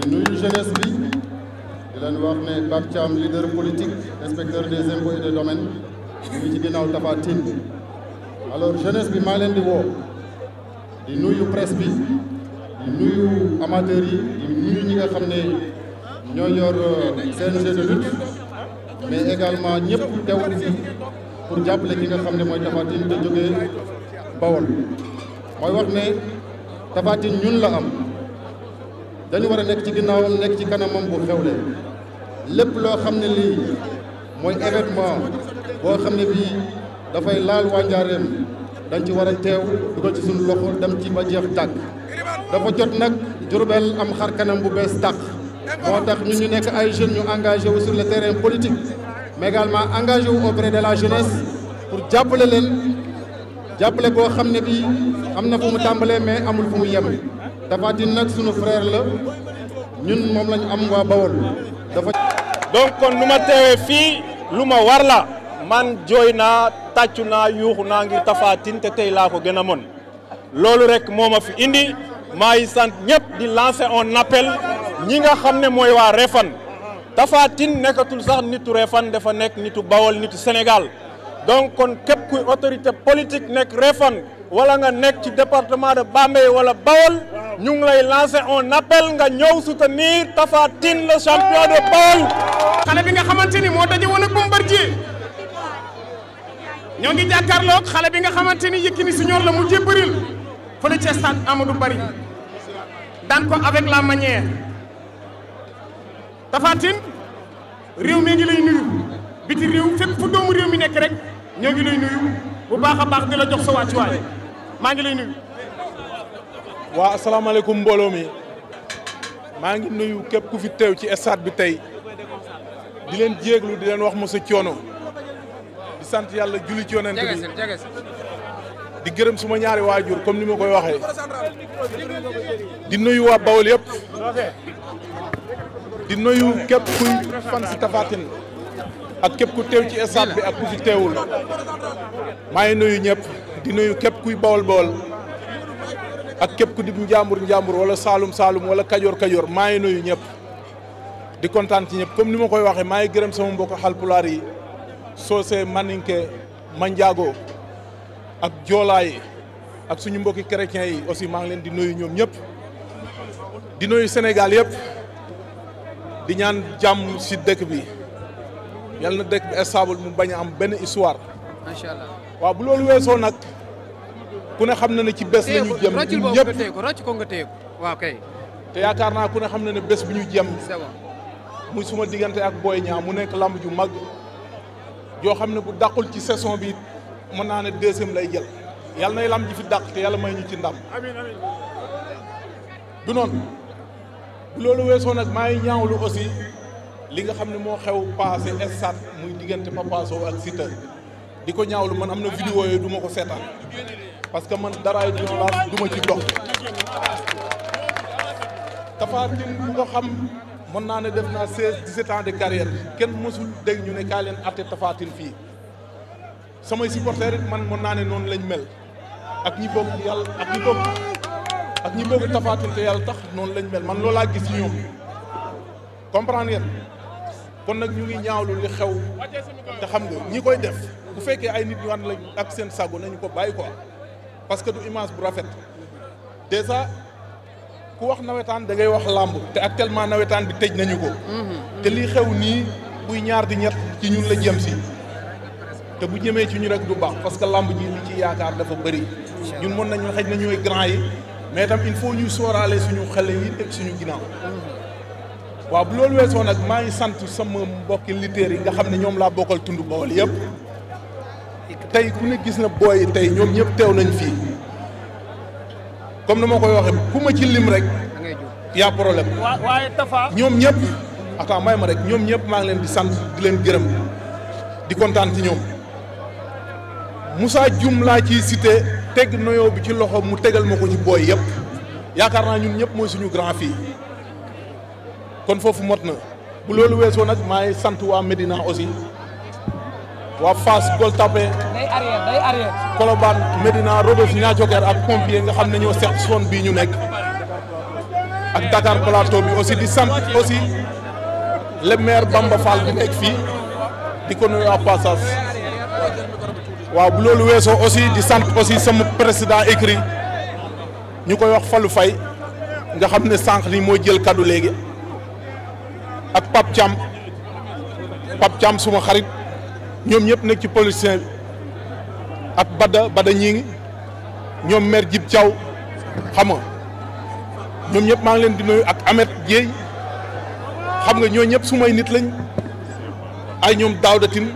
di nuyu jeunesse bi di leen wax ne Pape Thiam leader politique inspecteur des impôts et des domaines mu ngi ci ginnaaw Tapha Tine alors jeunesse bi maa leen di woo di nuyu presse bi di nuyu amateurs di nuyu ñi nga xam ne ñoo yor euh, CNG de lutte mais également ñëpp teew fi pour jàppale ki nga xam ne mooy Tapha Tine te jógee Bawol mooy wax ne Tapha ñun la dañu war a nekk ci ginnaawam nekk ci kanamam bu xewle lépp loo xam ne lii mooy événement boo xam ne bii dafay laal waa Njaareem dañ ci war a teew dugal ci suñu loxo dem ci ba jeex tàkk dafa jot nag Jurbel am xar kanam bu bees tàq moo tax ñun ñu nekk ay jeunes ñu engagé wu sur le terrain politique mais engagé wu auprès de la jeunesse pour jàppale leen jàppale boo xam ne bii am na fu mu tàmbalee mais amul fu mu yem Tapha Tine nag sunu frère la ñun moom lañu am waa Bawol dafa. donc kon lu ma teewee fii lu ma war la man jooy naa tàccu naa yuuxu naa ngir Tapha te tey laa ko gën a mën loolu rek moo ma fi indi maa ngi sant ñëpp di lancé un appel ñi nga xam ne mooy waa Refane Tapha nekkatul sax nitu Refane dafa nekk nitu Bawol nitu Sénégal donc kon képp kuy autorité politique nekk Refane wala nga nekk ci département de Bambey wala Bawol ñu ngi lay lancé un appel nga ñëw soutenir Tapha Tine champion de Bawol. xale bi nga xamante ni moo daje woon ak Bombardier ñoo ngi jàkkaarloog xale bi nga xamante ni Yékini Senior la mu jébbaril fële ci stade Amadou Barry daan ko avec la manière Tapha réew mi ngi lay nuyu biti réew fépp fu doomu réew mi nekk rek ñoo ngi lay nuyu bu baax a baax di la jox sa wàccuwaay maa ngi lay nuyu. waa asalaamaaleykum mbooloo mi maa ngi nuyu képp ku fi teew ci stade bi tey di leen jéeglu di leen wax mos a coono di sant yàlla julli ci yonent bi di gërëm suma ñaari waajur comme ni ma koy waxee di nuyu waa Bawol yëpp di nuyu képp kuy fan si Tapha ak képp ku teew ci stade bi ak ku fi teewul maa ngi nuyu ñëpp. di nuyu képp kuy bawol bawol ak képp ku di njàmbur njàmbur wala saalum saalum wala kajoor kajoor maa ngi nuyu ñëpp di kontaan ci ñëpp comme ni ma koy waxee maa ngi gërëm sama mbokk xalpulaar yi soose maninke manjaago ak joolaa yi ak suñu mbokki chrétiens yi aussi maa ngi leen di nuyu ñoom ñëpp di nuyu Sénégal yëpp di ñaan jàmm si dëkk bi yal na dëkk bi stable mu bañ a am benn histoire. macha allah weesoo nag. ku ne xam na ne ci bés la ñu jëm ñëpp téye ko rocc ko nga te yaakaar naa ku ne xam na ne bés bu ñu jëm. muy suma diggante ak Boy Niang mu nekk lamb ju mag joo xam ne bu dàqul ci saison bi mën naa ne deuxième lay jël yàlla nay lamb ji fi dàq te yàlla may ñu ci ndam. amiin amiin bu loolu weesoo nag maa ngi ñaawlu aussi li nga xam ne moo xew passé stade muy diggante Papa Sow ak Siteu di ko ñaawlu man am na vidéo yooyu du ma ko seetaan. parce que man daraay du laas du ma ci dox Tapha Tine bu ko xam mën naa ne def naa 16 17 ans de carrière kenn mësul dégg ñu ne kaa leen atte Tapha Tine fii samay supporters it man mën naa ne noonu lañ mel ak ñi bëgg yàlla ak ñi bëgg ak ñi bëgg Tapha Tine te tax noonu lañ mel man laa gis ñoom comprendre ngeen kon nag ñu ngi ñaawlu li xew te xam nga ñi koy def bu fekkee ay nit ñu ànd lañ ak seen sago nañu ko bàyyi ko parce que du image bu rafet déjà ku wax nawetaan da ngay wax làmb te actuellement nawetaan bi tëj nañu ko. Mhm. te lii xew nii buy ñaar di ñett ci ñun la jëm si. te bu jëmee ci ñu rek du baax parce que làmb ji li ci yaakaar dafa bëri. ñun mën nañu xëj na ñooy grand yi. mais tam il faut ñuy sooraale suñu xale yi teg suñu ginnaaw. Mhm. waaw bu loolu weesoo nag maa ngi sant sama mbokki lutteurs yi nga xam ne ñoom laa bokkal tund Bawol yëpp. tey ku ne gis na booy tey ñoom ñëpp teew nañu fii comme ni ma koy waxee ku ma ci lim rek yaa problème waaye Tafa ñoom ñëpp aka ma rek ñoom ñëpp maa ngi leen di sant di leen gërëm di kontaan ci ñoom Moussa Dioum laa ciy cité teg noyoo bi ci loxo mu tegal ma ko ci booy yëpp yaakaar naa ñun ñëpp mooy suñu grand fii kon foofu mot na bu loolu weesoo nag maay sant waa Médina aussi waa Fass Gueule Tapée day arrière day arrière Colobane Médina Rebeuss ñaa joker ak pompier nga xam ne ñoo seq zone bii ñu nekk ak Dakar Plateau bi aussi di sant aussi le maire Bamba Fall bi nekk fii di ko nuyu à waaw loolu weesoo aussi di sant aussi sama président écrit ñu koy wax Fallou fay nga xam ne sànq ni mooy jël kaddu léegi ak Pape Thiam Pape Thiam suma xarit ñoom ñëpp nekk ci politicien bi ak Bada Bada ñii ñoom maire Djib Thiaw xam nga ñoom ñëpp maa ngi leen di nuyu ak Amet Dieye xam nga ñoo ñëpp sumay nit lañ ay ñoom Daouda Tine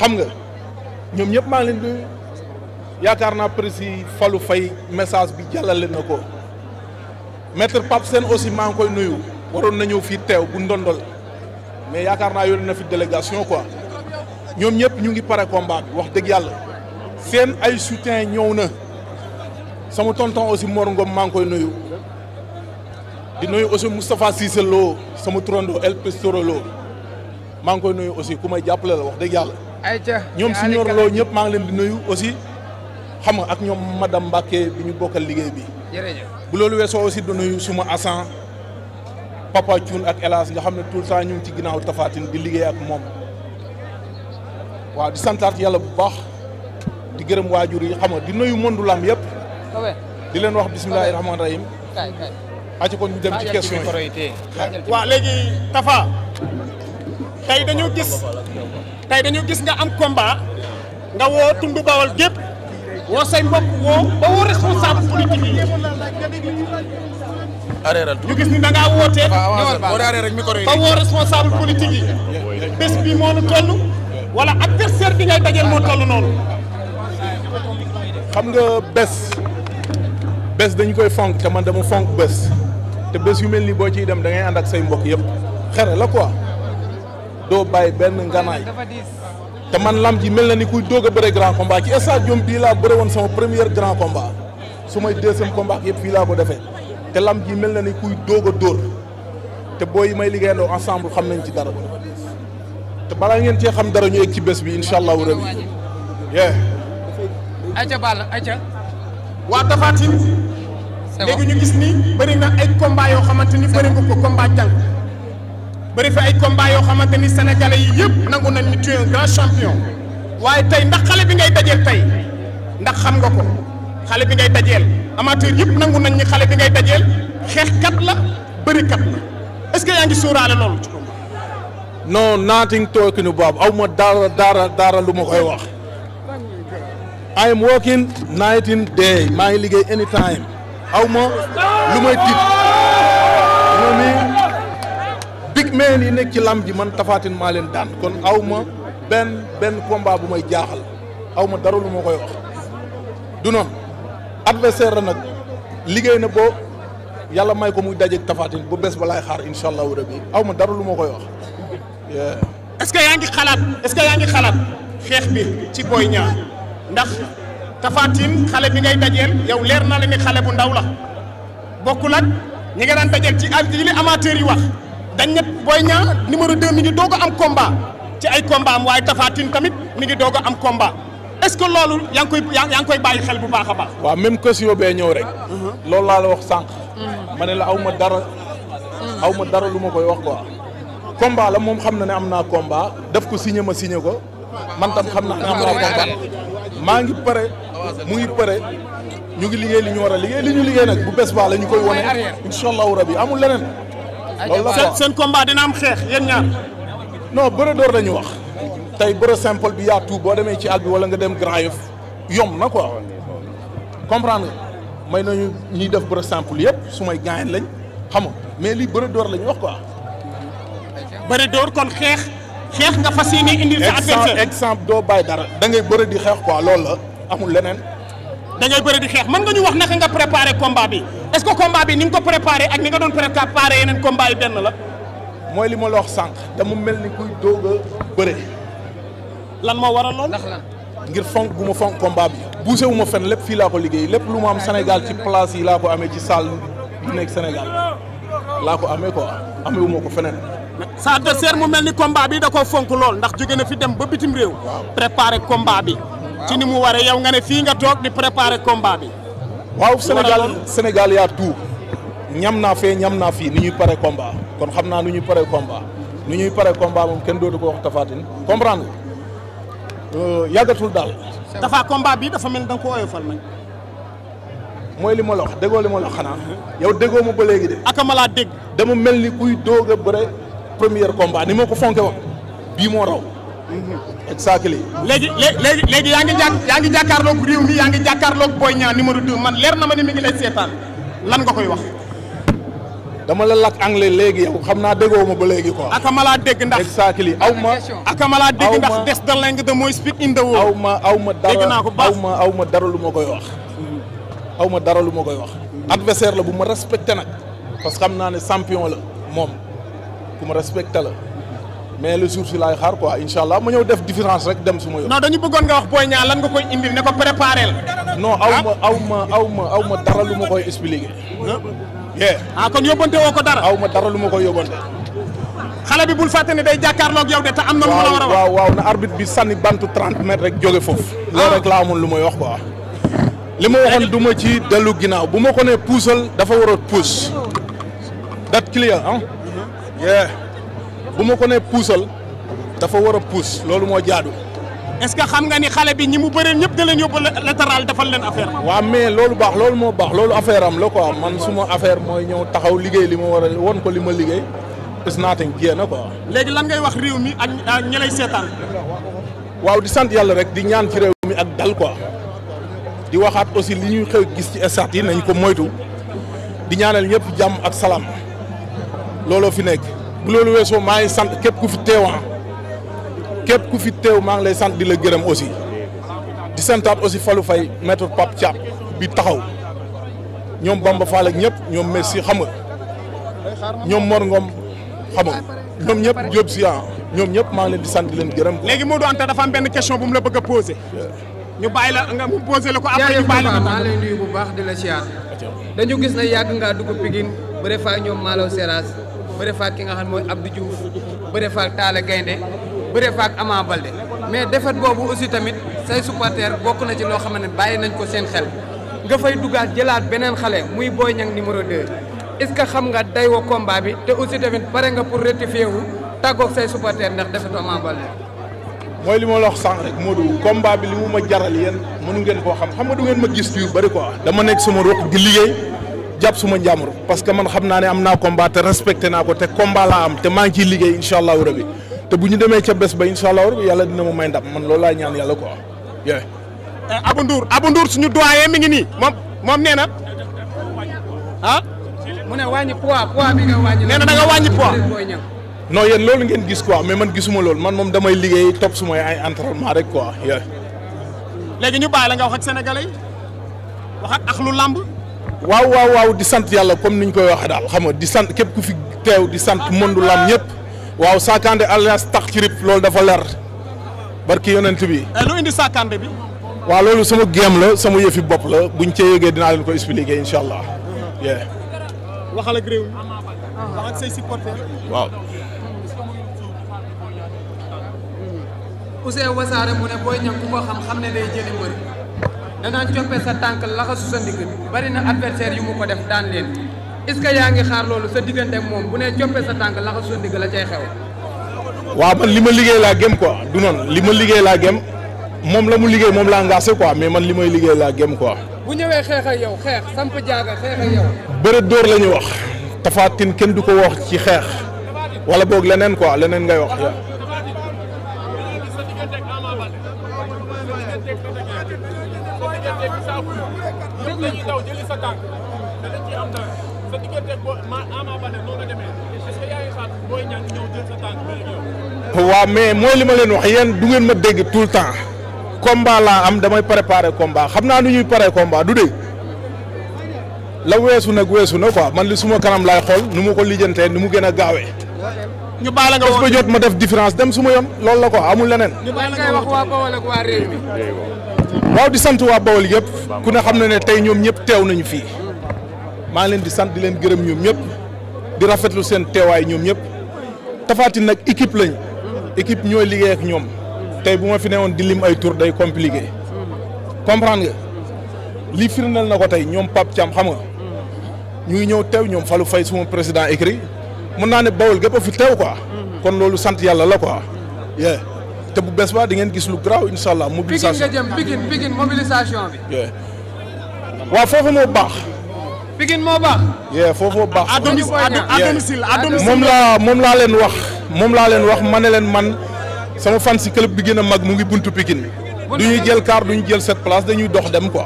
xam nga ñoom ñëpp maa ngi leen di yaakaar naa prési falu fay message bi jàllale na ko maître Pape seen aussi maa ngi koy nuyu waroon na ñëw fii teew bu ndondol mais yaakaar naa yónnee na fi délégation quoi. ñoom ñëpp ñu ngi pare combat wax dëgg yàlla seen ay soutien ñëw na sama tonton aussi Mor Ngom maa ngi koy nuyu di nuyu aussi Moustapha Cissé Lo sama turando El Pistoro Lo maa ngi koy nuyu aussi ku may jàppale la wax dëgg yàlla. ayca ñoom Senior Lo ñëpp maa ngi di nuyu aussi xam nga ak ñoom madame Mbacke bi ñu bokkal liggéey bi. bu loolu weesoo aussi di nuyu suma Assane Papa Thioune ak El Hadj nga xam ne tout le ñu ngi ci ginnaaw Tapha Tine di liggéey ak moom. waaw di santaat yàlla bu baax di gërëm waajur yi xam nga di nuyu mondu lam yëpp. di leen wax bisimilah rahmaani rahim. kay kay. àcc kon ñu dem ci question yi waaw léegi Tafa tey dañu gis tey dañu gis nga am combat nga woo tundu bawal gépp woo say mbokk woo ba woo responsable politique yi. ñu gis ni da ngaa woote. woo responsable politique yi bés bi moo nu wala adversaire bi ngay dajeel moo toll noonu. xam nga bés bés dañ koy fonk te man dama fonk bés te bés yu mel ni boo ciy dem dangay ngay ànd ak say mbokk yëpp xere la ko quoi doo bàyyi benn nganaay te man lam ji mel na ni kuy doog a bëre grand combat ci stade Diop bii laa bëre woon sama premier grand combat su may deuxième combat yëpp fii laa ko defee te lam ji mel na ni kuy doog a dóor te booy yi may liggéeyandoo ensemble xam nañ ci dara. te balaa ngeen cee xam dara ñu egg ci bés bi incha allahu rabi. yee. waa Tapha Tine. léegi ñu gis ni bëri na ay combat yoo xamante ni bëri nga ko combat jàng. bëri fi ay combat yoo xamante ni sénégalais yi yëpp nangu nañ ni tu es un grand champion. waaye tey ndax xale bi ngay dajeel tey ndax xam nga ko xale bi ngay dajeel amateur yëpp nangu nañ ni xale bi ngay dajeel xeexkat la bërikat la est-ce que yaa ngi sóoraale loolu no nothing talking about aw ma dara dara lu ma koy wax I am working night day maa ngi liggéey anytime aw ma lu may tiit ma ni big man yi nekk ci lam ji man tafaatin maa leen daan kon aw ma benn benn combat bu may jaaxal awma dara lu ma koy wax du noonu adversaire la nag liggéey na boo yàlla may ko muy dajeeg tafaatin bu bés ba laay xaar incha allahu rabi aw ma dara lu ma koy wax est-ce que yaa ngi xalaat est-ce que yaa ngi xalaat xeex bi ci Boy Niang ndax Tapha Tine xale bi ngay dajeel yow leer na la ni xale bu ndaw la bokkul ak ñi dajeel ci yi amateur yi wax dañ ne Boy Niang numéro 2 mi ngi doog am combat ci ay combat am waaye Tapha tamit mi ngi doog am combat est-ce que loolu yaa ngi koy yaa ngi koy bàyyi xel bu baax a bax waa même question bee ñëw rek. Mhm. loolu laa la wax sànq. Mhm. ma ne aw ma dara. Mhm. aw ma dara lu ma koy wax quoi. combat la moom xam na ne am naa combat def ko signé ma signé ko man tam xam naa ne am naa combat maa ngi pare mu ngi pare ñu ngi liggéey li ñu war a liggéey li ñu liggéey nag bu bés baax la ñu koy wone incha allahu rabi amul leneen. loolu la seen seen dina am xeex yéen ñaar. non bëre door la ñu wax tey bëre simple bi yaa tout boo demee ci àll bi wala nga dem Grand Yoff yomb na ko comprendre nga may nañu ñuy def bëre simple yëpp su may gaañ xam nga mais lii bëre door la ñu wax quoi. bëri dóor kon xeex xeex nga fas yéene indil sa adversaire exemple doo bàyyi dara da ngay bëri di xeex ko loolu la amul leneen da ngay bëri di xeex mën nga ñu wax naka nga préparer combat bi est-ce que combat bi ni nga ko préparé ak ni nga doon préparé yeneen combat yi benn la mooy li ma la wax sànq dama mel ni kuy doog a bëre lan moo waral lool ndax lan ngir fonk gu ma fonk combat bi bougé wu ma fenn lépp fii laa ko liggéey lépp lu ma am Sénégal ci place yi laa ko amee ci salle yi nekk Sénégal ko amee quoi amee wu ko feneen sa adversaire mu mel ni combat bi da fonk lool ndax jóge na fi dem ba bitim réew. préparer combat bi. ci ni mu waree yow nga ne fii nga toog di préparer combat bi. waaw Sénégal Sénégal yaa tout ñam naa fee ñam naa fii ni ñuy pare combat kon xam naa nu ñuy pare combat nu ñuy pare combat moom kenn doo ko wax Tapha Tine comprendre nga euh, daal. dafa combat dafa mel da nga ko oyofal nañ. mooy li ma la wax déggoo li ma xanaa. yow déggoo ma ba léegi de. dégg. dama mel ni kuy doog première combat ni ma ko fonke woon bii moo raw. exactement. léegi léegi léegi yaa ngi jà yaa ngi jàkkaarloog réew mi yaa ngi jàkkaarloog Boy Niang numéro 2 man leer na ma ni mi ngi lay seetaan lan nga koy wax. dama la lakk anglais léegi xam naa déggoo ma ba léegi quoi. akama laa dégg ndax exactement aw ma. akama laa dégg ndax des da langue de mooy speak in the world. aw ma ma dara naa ko baax aw ma ma dara lu ma koy wax. aw ma dara lu ma koy wax. adversaire la bu ma respecté nag parce que xam naa ne champion la moom. ku ma la mais le jour si laay xaar quoi incha allah ma ñëw def différence rek dem su ma yoon. non dañu bëggoon nga wax Boy Niang lan nga koy indi ne ko préparé la. non aw ma aw ma aw aw ma dara lu ma koy expliqué. ah kon yóbbante woo ko dara. aw ma dara lu ma koy yóbbante. xale bi bul fàtte ne day jàkkaarloog yow de te am na lu ma la war a wax waaw na arbitre bi sànni bantu 30 mètres rek jóge foofu. Ah. loolu rek laa amoon lu may wax quoi. li ma waxoon du ma ci dellu ginnaaw bu ma ko nee puusal dafa war a puus. dat clear yeah bu ma ko ne puusal dafa war a puus loolu moo jaadu. est-ce que xam nga ni xale bi ñi mu bëree ñëpp da leen yóbbu latéral defal leen affaire. waaw mais loolu baax loolu moo baax loolu affaire am la quoi man suma affaire mooy ñëw taxaw liggéey li ma war a won ko li ma liggéey is nothing jiyee na ko léegi lan ngay wax réew mi ak ñi lay seetaan. waaw di sant yàlla rek di ñaan ci réew mi ak dal quoi di waxaat aussi li ñuy xew gis ci stade yi nañ ko moytu di ñaanal ñëpp jàmm ak salaam. looloo fi nekk bu loolu weesoo maa ngi sant képp ku fi teewaa ah. képp ku fi teew maa ngi lay sant di la gërëm aussi di santaat aussi falu fay maître Pape Thiam bi taxaw ñoom Bamba Fall ak ñëpp ñoom Messi xam nga ñoom Mor Ngom xam nga ñoom ñëpp Diop si ah. ñoom ñëpp maa ngi leen di sant di leen gërëm. léegi Modou Anta dafa am benn question bu mu la bëgg a posé. ñu bàyyi la mu posé la ko après ñu bàyyi la ko. maa lay di la siyaar dañu gis na yàgg ngaa dugg Pikine ñoom Malaw Seras. bëre faak ki nga xam mooy Abdou Diouf bëre faak Talla Gaynde bëre faak Ama Balde mais defet boobu aussi tamit say supporter bokk na ci loo xam ne bàyyi nañ ko seen xel nga fay dugaat jëlaat beneen xale muy booy Niang numéro 2 est-ce que xam nga day wa combat bi te aussi tamit pare nga pour rectifier wu tàggoog say supporter ndax defetu Ama Balde mooy li ma la wax sànq rek Modou bi li mu ma jaral yéen mënu ngeen koo xam xam nga du ngeen ma gis yu bëri quoi dama nekk sama roq di liggéey jàpp suma njàmbur parce que man xam naa ne am naa combat te respecté naa ko te combat laa am te maa ngi ciy liggéey incha allahu rabi te bu ñu demee ca bés ba incha allahu rabi yàlla dina ma may ndam man loolu laa ñaan yàlla quoi. yooyu. Eh, Abou Ndour Abou Ndour suñu doyen mi ngi nii moom moom nee na ah. mu ne wàññi poids nga wàññi. nee na da nga wàññi poids. non yéen loolu ngeen gis quoi mais man gisuma lool man moom damay liggéey topp suma ay entraînement rek quoi yooyu. léegi ñu bàyyi la nga wax waaw waaw waaw di sant yàlla comme ni ñu koy waxee daal xam nga di sant képp ku fi teew di sant mëndu lam ñëpp waaw Sakandé alliance tax ci loolu dafa leer barki yonent bi. Eh, lu indi Sakandé bi. waaw loolu sama géem la sama yëfi bopp la buñ cee yëgee dinaa leen ko expliquer incha allah. waxal danaa coppe sa tànk laxasu sa ndigg bari na adversaire yu mu ko def daan leen est-ce yaa ngi xaar loolu sa diggante moom bu ne coppe sa tànk laxasu sa ndigg la cay xew. waaw man li ma liggéey laa gëm quoi du noonu li ma liggéey laa gëm moom la mu liggéey moom laa engagé quoi mais man li may liggéey laa gëm quoi. bu ñëwee xeex yow xeex samp jaaga xeex ak yow. bëre dóor la ñuy wax. Tapha Tine kenn du ko wax ci xeex wala boog leneen quoi leneen ngay wax. waa mais mooy li ma leen wax yéen du ngeen ma dégg tout le temps combat laa am damay préparer combat xam naa ni ñuy paree combat du dégg la weesu nag weesu na ko man li suma kanam laay xool nu mu ko lijjantee nu mu gën a gaawee. ñu baal wax ma jot ma def différence dem suma yoon loolu la ko amul leneen. waaw di sant waa Bawol yëpp ku ne xam na ne tey ñoom ñëpp teew nañu fii maa ngi leen di sant di leen gërëm ñoom ñëpp di rafetlu seen teewaay ñoom ñëpp tafaati nag équipe lañ équipe ñooy liggéey ak ñoom tey bu ma fi newoon di lim ay tour day compliqué comprendre nga li firndeel na ko tey ñoom Pape Thiam xam nga ngi ñëw teew ñoom falu fay suma président écrit mun naa ne Bawol gépp a fi teew quoi kon loolu sant yàlla la ko quoi. te bu bees ba di ngeen gis lu garaaw incha allah. bi. waaw foofu moo baax. Pikine moo baax. foofu moo baax. à moom laa moom laa leen wax moom laa leen wax ma ne leen man sama fan si club bi gën a mag mu ngi bunt pikin Pikine. du ñuy jël car du ñu jël sept place dañuy dox dem ko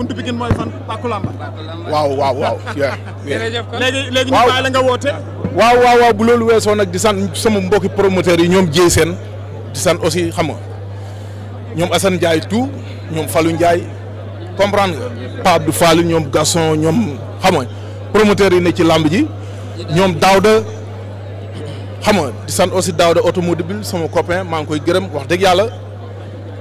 buntu Pikine mooy fan Paku Lamba. waaw waaw waaw. woote. waaw waaw waaw bu loolu weesoo nag di sant sama mbokki promoteurs yi ñoom jéey seen di sant aussi xam nga ñoom Assane Ndiaye tout ñoom falu njaay comprend nga Pape du Fallou ñoom Gasson ñoom xam nga yi ne ci làmb ji ñoom Daouda xam nga di sant aussi Daouda automobile sama copain maa ngi koy gërëm wax dëgg yàlla.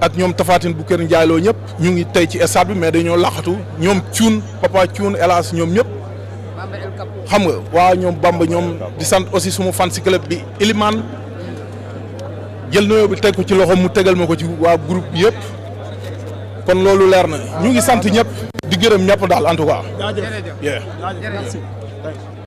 ak ñoom Tafatine bu kër Ndiaye loo ñëpp ñu ngi tey ci stade bi mais dañoo laxatu ñoom cuun papa cuun hélas ñoom ñëpp. xam nga waa ñoom Bamba ñoom di sant aussi suma fan si club bi Ilimane jël nuyoo bi teg ko ci loxo mu tegal ma ko ci waa groupe yëpp kon loolu leer na ñu ngi sant ñëpp di gërëm ñëpp daal en tout cas.